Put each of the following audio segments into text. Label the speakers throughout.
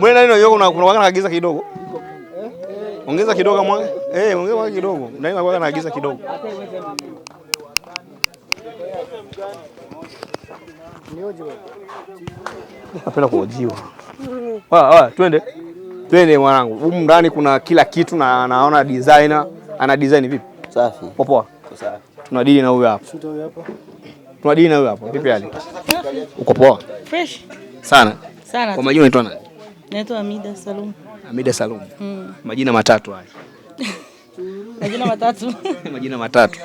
Speaker 1: Mwena ino yoko na kuna wakana kagiza kidogo. Ongeza kidogo mwanga. Eh, ongeza mwanga kidogo. Ndani kwa wakana kagiza kidogo. Napenda kuojiwa. Wa wa, twende. Twende mwanangu. Humu ndani kuna kila kitu na naona designer ana design vipi? Safi. Popoa. Safi. Tunadili na huyu hapa. Tunadili na huyu hapa. Vipi hali? Uko poa? Fresh. Sana. Sana. Kwa majina unaitwa nani?
Speaker 2: Naitwa Amida Salum. Amida Salum. Mm.
Speaker 1: Majina matatu haya.
Speaker 2: Majina matatu.
Speaker 1: Majina matatu.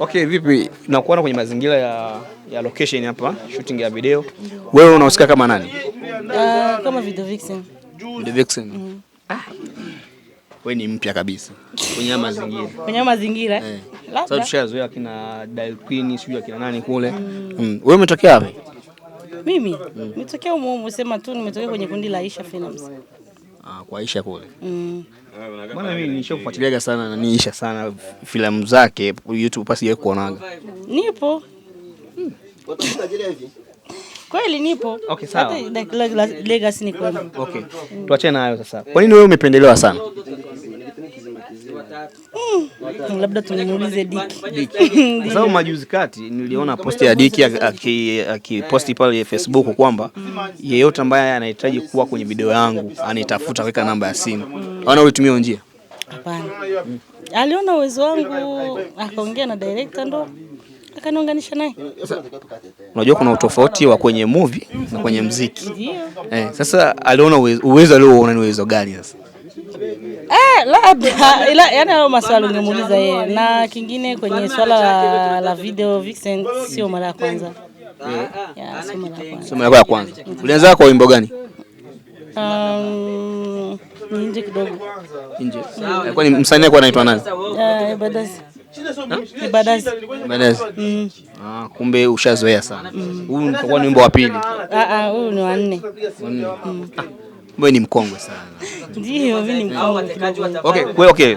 Speaker 1: Okay, vipi nakuona kwenye mazingira ya, ya location hapa shooting ya video. Wewe unahusika kama nani?
Speaker 2: Uh, kama video vixen.
Speaker 1: Video vixen. Mm. Ah. Wewe ni mpya kabisa kwenye mazingira.
Speaker 2: Kwenye mazingira. Eh.
Speaker 1: Labda. Sasa tushazoea akina Dal Queen, sijui akina nani kule. Mm. Mm. Wewe umetokea wapi?
Speaker 2: Mimi mm. Nitokea sema tu nimetokea kwenye kundi la Aisha Films.
Speaker 1: Ah, kwa Aisha kule. Mm. Bwana mimi nishofuatiliaga sana na Aisha sana filamu zake YouTube pasi yeye kuonaga.
Speaker 2: Nipo. Hmm. Kweli nipo. Okay, sawa. Legacy ni kweli.
Speaker 1: Okay. Tuachane nayo sasa. Kwa nini hmm. wewe umependelewa sana?
Speaker 2: labda tumuulize
Speaker 1: sababu majuzi kati niliona posti ya Diki akiposti pale Facebook kwamba yeyote ambaye anahitaji kuwa kwenye video yangu anitafuta, weka namba ya simu. Ana ulitumia njia?
Speaker 2: Hapana. Aliona uwezo wangu akaongea na director ndo akaniunganisha naye.
Speaker 1: Unajua kuna utofauti wa kwenye movie na kwenye mziki. Eh, sasa aliona uwezo alioona ni uwezo gani sasa?
Speaker 2: Eh, labda ila yani hayo maswali ungemuuliza yeye. Na kingine kwenye swala la, la video Vixen eh. sio mara ya kwanza.
Speaker 1: sio mara ya kwanza. Ulianza kwa wimbo gani?
Speaker 2: Um, ni nje kidogo.
Speaker 1: Nje. Kwa Kwani msanii alikuwa anaitwa nani?
Speaker 2: Eh, Badas. Ibadazi. Ibadazi. Mm.
Speaker 1: Ah, kumbe ushazoea sana. Huu mm. ni wimbo wa pili.
Speaker 2: Ah ah, huu ni wa nne.
Speaker 1: Wa nne. Mm. Wewe ni mkongwe sana.
Speaker 2: Ndio, mimi ni mkongwe.
Speaker 1: Okay, wewe okay.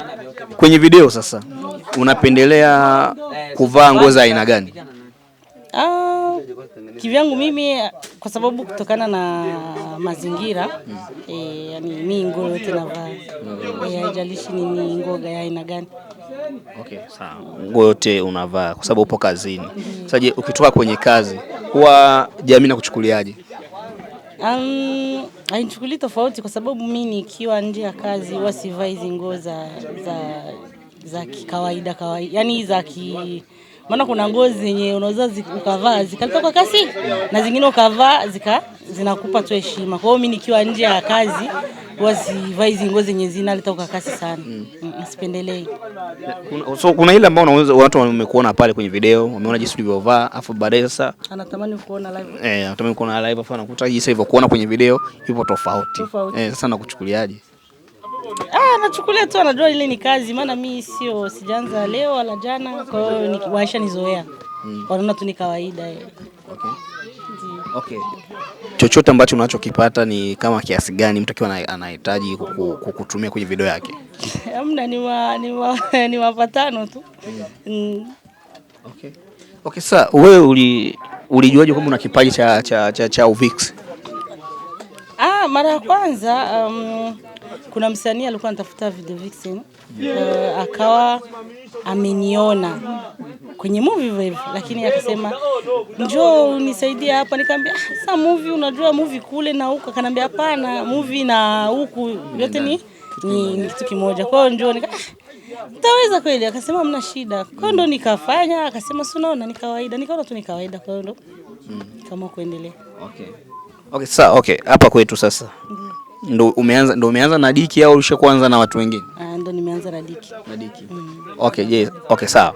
Speaker 1: Kwenye video sasa unapendelea kuvaa nguo za aina gani?
Speaker 2: Ah, kivyangu mimi kwa sababu kutokana na mazingira mm. Eh, yani nguo yote navaa mm. Eh, haijalishi mm. E, ni nguo ya aina gani.
Speaker 1: Okay, sawa. Nguo yote unavaa kwa sababu upo kazini. Sasa je, ukitoka kwenye kazi huwa jamii nakuchukuliaje?
Speaker 2: Um, Hainichukulii tofauti kwa sababu mi nikiwa nje ya kazi huwa sivai hizi nguo za za za kikawaida kawaida, yani za ki maana kuna ngozi zenye unaweza ukavaa zikaleta kwa kasi na zingine ukavaa zika zinakupa tu heshima. Kwa hiyo mimi nikiwa nje ya kazi huwa sivai hizi ngozi zenye zinaleta kwa kasi sana mm. mm sipendelei.
Speaker 1: So kuna ile ambao watu wamekuona pale kwenye video wameona jinsi ulivyovaa, afu baadaye sasa
Speaker 2: anatamani kuona live
Speaker 1: eh, anatamani kuona live afu anakuta jinsi hivyo kuona kwenye video ipo tofauti,
Speaker 2: tofauti. Eh, sasa
Speaker 1: nakuchukuliaje?
Speaker 2: Ah, nachukulia tu, anajua ile ni kazi, maana mi sio sijaanza leo wala jana, kwa hiyo waisha nizoea mm. wanaona tu ni kawaida eh.
Speaker 1: Okay. Okay. Chochote ambacho unachokipata ni kama kiasi gani mtu akiwa anahitaji kukutumia kwenye video yake?
Speaker 2: Hamna, ni wapatano tu Hmm.
Speaker 1: Okay. Okay, sasa wewe ulijuaje kwamba una kipaji cha cha cha, cha UVICS?
Speaker 2: Ah, mara ya kwanza um, kuna msanii alikuwa anatafuta video vixen Uh, akawa ameniona kwenye movie hivyo hivyo, lakini akasema njoo unisaidie hapa. Nikamwambia ah, sasa movie unajua movie kule na huko, akanambia hapana, movie na huku yote ni ni kitu kimoja, kwa hiyo njoo. Nika ah, nitaweza kweli? Akasema mna shida, kwa hiyo ndo nikafanya. Akasema si unaona ni kawaida, nikaona tu ni kawaida, kwa hiyo ndo mm. kama kuendelea.
Speaker 1: Okay. Okay, sa, okay. Hapa kwetu sasa. Ndo umeanza ndo umeanza na Diki au ulishakuanza na watu wengine?
Speaker 2: Ah, ndo nimeanza na Diki.
Speaker 1: Na Diki. Mm. Okay, yes. Okay, sawa.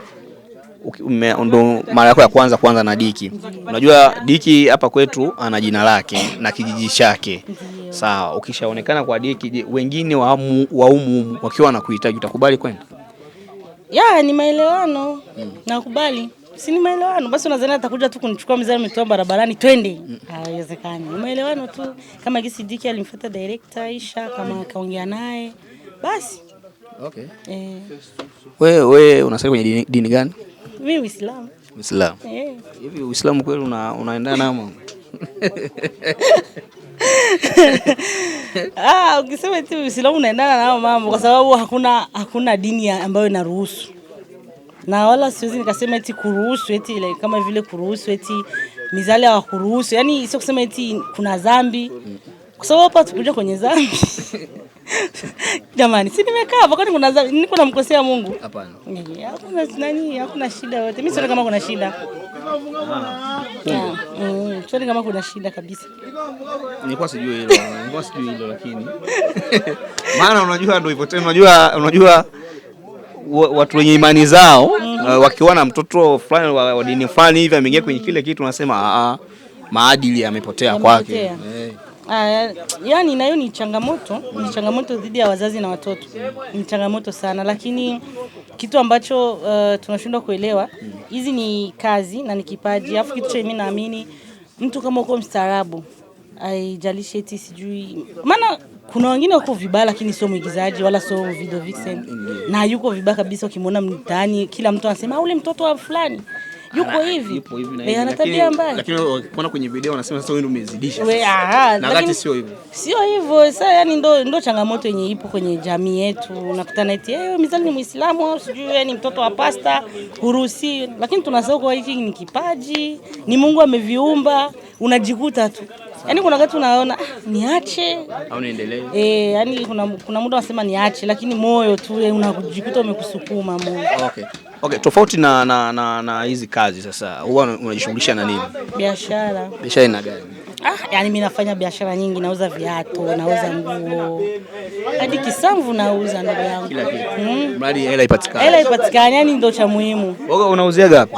Speaker 1: Ndo mara yako ya kwanza kuanza na Diki. Unajua Diki hapa kwetu ana jina lake na kijiji chake. Sawa, ukishaonekana kwa Diki, wengine wa humu wakiwa wanakuhitaji utakubali kwenda?
Speaker 2: Ya, ni maelewano. Mm. Nakubali si ni maelewano basi, unadhani atakuja tu kunichukua mzee ametoa barabarani twende? Haiwezekani, ni maelewano tu, kama gisi Diki alimfuata direkta Aisha, kama akaongea naye basi. Okay. Eh.
Speaker 1: Wewe wewe unasali kwenye dini gani?
Speaker 2: Mi Uislamu. Uislamu. Eh.
Speaker 1: Hivi Uislamu kweli una, unaendana na mama?
Speaker 2: Ah, ukisema tu Uislamu unaendana na mambo kwa sababu hakuna hakuna dini ambayo inaruhusu na wala siwezi nikasema eti kuruhusu eti like, kama vile kuruhusu eti mizale kuruhusu yani sio kusema eti kuna dhambi, kwa sababu hapa tukuja kwenye dhambi Jamani, si nimekaa hapa kwani kuna niko namkosea Mungu? Hapana, eh, hakuna nani, hakuna shida yote. Mimi sioni kama kuna shida, ah. Ah, mm, sioni kama kuna shida kabisa.
Speaker 1: Nilikuwa sijui hilo, nilikuwa sijui hilo, lakini maana unajua ndio hivyo tena, unajua unajua watu wenye imani zao mm-hmm. uh, na mtoto fulani wa dini fulani hivi ameingia kwenye kile kitu, unasema ah, ah, maadili yamepotea kwake.
Speaker 2: Uh, yani nayo ni changamoto, ni changamoto dhidi ya wazazi na watoto, ni changamoto sana, lakini kitu ambacho uh, tunashindwa kuelewa hizi ni kazi na ni kipaji, alafu kitu cha mimi naamini mtu kama uko mstaarabu, aijalishi eti sijui maana kuna wengine wako vibaya, lakini sio mwigizaji wala sio video vixen, na yuko vibaya kabisa. Ukimwona mtaani, kila mtu anasema ah, ule mtoto wa fulani yuko ah, hivi e, ana tabia mbaya,
Speaker 1: lakini ukiona kwenye video wanasema sasa wewe ndio umezidisha. Na wakati sio hivyo,
Speaker 2: sio hivyo. Sasa yani ndo, ndo changamoto yenye ipo kwenye jamii yetu. Unakutana eti eh, mizani ni Muislamu au sijui wewe ni mtoto wa pasta huruhusi, lakini tunasahau kwa hiki ni kipaji, ni Mungu ameviumba, unajikuta tu Yaani kuna wakati unaona niache au niendelee? Eh, yani kuna kuna muda unasema niache, lakini moyo tu yaani unajikuta umekusukuma moyo.
Speaker 1: Okay. Okay, tofauti na na na hizi kazi sasa, huwa unajishughulisha na nini?
Speaker 2: Biashara.
Speaker 1: Biashara ina gani?
Speaker 2: Ah, yani mimi nafanya biashara nyingi, nauza viatu, nauza nguo, hadi kisamvu nauza ndugu yangu. Kila
Speaker 1: kitu. Mm. Mradi hela ipatikane.
Speaker 2: Hela ipatikane, yani ndio cha muhimu.
Speaker 1: Wewe unauzia gapi?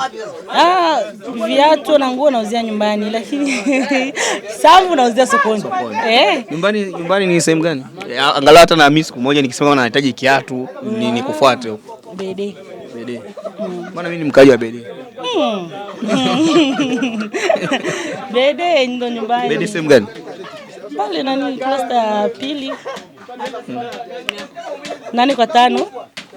Speaker 2: Ah, viatu na nguo nauzia nyumbani, lakini kisamvu nauzia sokoni.
Speaker 1: Eh. Nyumbani nyumbani ni sehemu gani? Eh, angalau hata na mimi siku moja nikisema nahitaji kiatu, nikufuate huko. Bebe. Bedi. Maana mimi ni mkaji wa Bedi.
Speaker 2: Hmm. Bedi ndo nyumbani. Bedi sehemu gani? Pale nani cluster ya pili. Hmm. Nani kwa tano?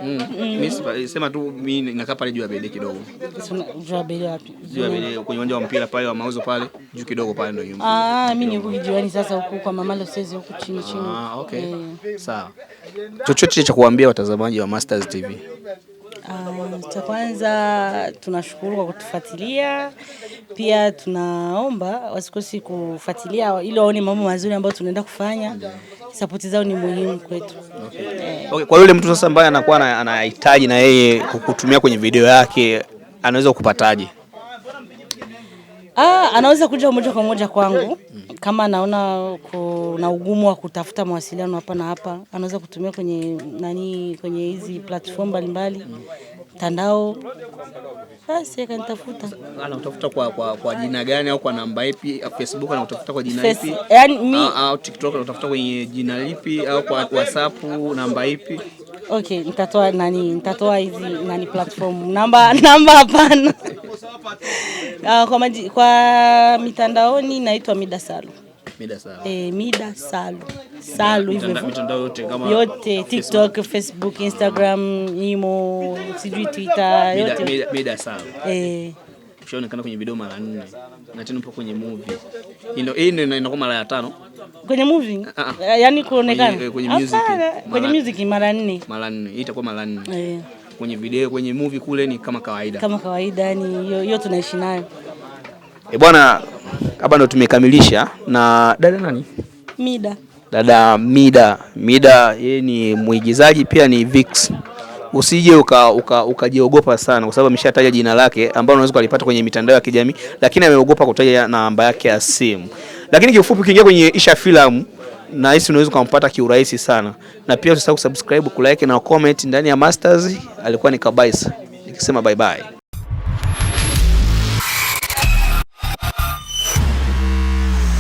Speaker 1: Mm. Mm. Sema tu mimi nakaa pale juu ya Bedi kidogo.
Speaker 2: Sema Juu ya Bedi wapi?
Speaker 1: Juu ya Bedi kwenye uwanja wa mpira pale wa mauzo pale, juu kidogo pale ndio yumo.
Speaker 2: Ah, mimi ni huko jioni sasa huko kwa mama leo Losezi huko chini chini.
Speaker 1: Ah, okay. Yeah. Sawa. Chochote cha kuambia watazamaji wa Masters TV.
Speaker 2: Ah, cha kwanza tunashukuru kwa kutufuatilia, pia tunaomba wasikosi kufuatilia ili waone mambo mazuri ambayo tunaenda kufanya. Sapoti zao ni muhimu kwetu. Okay.
Speaker 1: Okay, kwa yule mtu sasa ambaye anakuwa anahitaji na yeye kukutumia kwenye video yake anaweza kupataje?
Speaker 2: Ah, anaweza kuja moja kwa moja kwangu. Hmm kama anaona kuna ugumu wa kutafuta mawasiliano hapa na hapa, anaweza kutumia kwenye nani, kwenye hizi platform mbalimbali mtandao, basi akanitafuta.
Speaker 1: Anatafuta kwa, kwa, kwa jina gani au kwa namba ipi? Facebook anatafuta kwa jina ipi? Yani mi... au TikTok anatafuta kwenye jina lipi au kwa WhatsApp namba ipi?
Speaker 2: Okay, nitatoa nani, nitatoa hizi nani platform namba namba, hapana Uh, kwa, maji, kwa mitandaoni naitwa Mida Salu. Mida Salu. Eh, Mida Salu. Salu hivyo.
Speaker 1: Mitandao yote kama
Speaker 2: yote TikTok, Facebook, Facebook Instagram, Imo, sijui Twitter,
Speaker 1: yote. Mida, Mida Salu. Eh. Ushaonekana kwenye video mara nne na tena upo kwenye movie. Ndio hii ndio inakuwa mara ya tano.
Speaker 2: Kwenye movie?
Speaker 1: Ah, ah. Yaani
Speaker 2: kuonekana. Kwenye, kwenye music. Kwenye music mara nne.
Speaker 1: Mara nne. Hii itakuwa mara nne. Eh kwenye video, kwenye movie kule ni kama kawaida,
Speaker 2: kama kawaida yani hiyo tunaishi nayo.
Speaker 1: E bwana, hapa ndo tumekamilisha na
Speaker 2: dada nani? Mida.
Speaker 1: Dada Mida. Mida yeye ni mwigizaji pia ni Vix. Usije ukajiogopa uka, uka sana kwa sababu ameshataja jina lake ambalo unaweza kulipata kwenye mitandao ya kijamii, lakini ameogopa kutaja namba yake ya simu. Lakini kiufupi, ukiingia kwenye Isha Filamu nahisi unaweza ukampata kiurahisi sana, na pia usisahau kusubscribe, kulike na comment. Ndani ya Masters alikuwa ni Kabaisa, nikisema bye bye.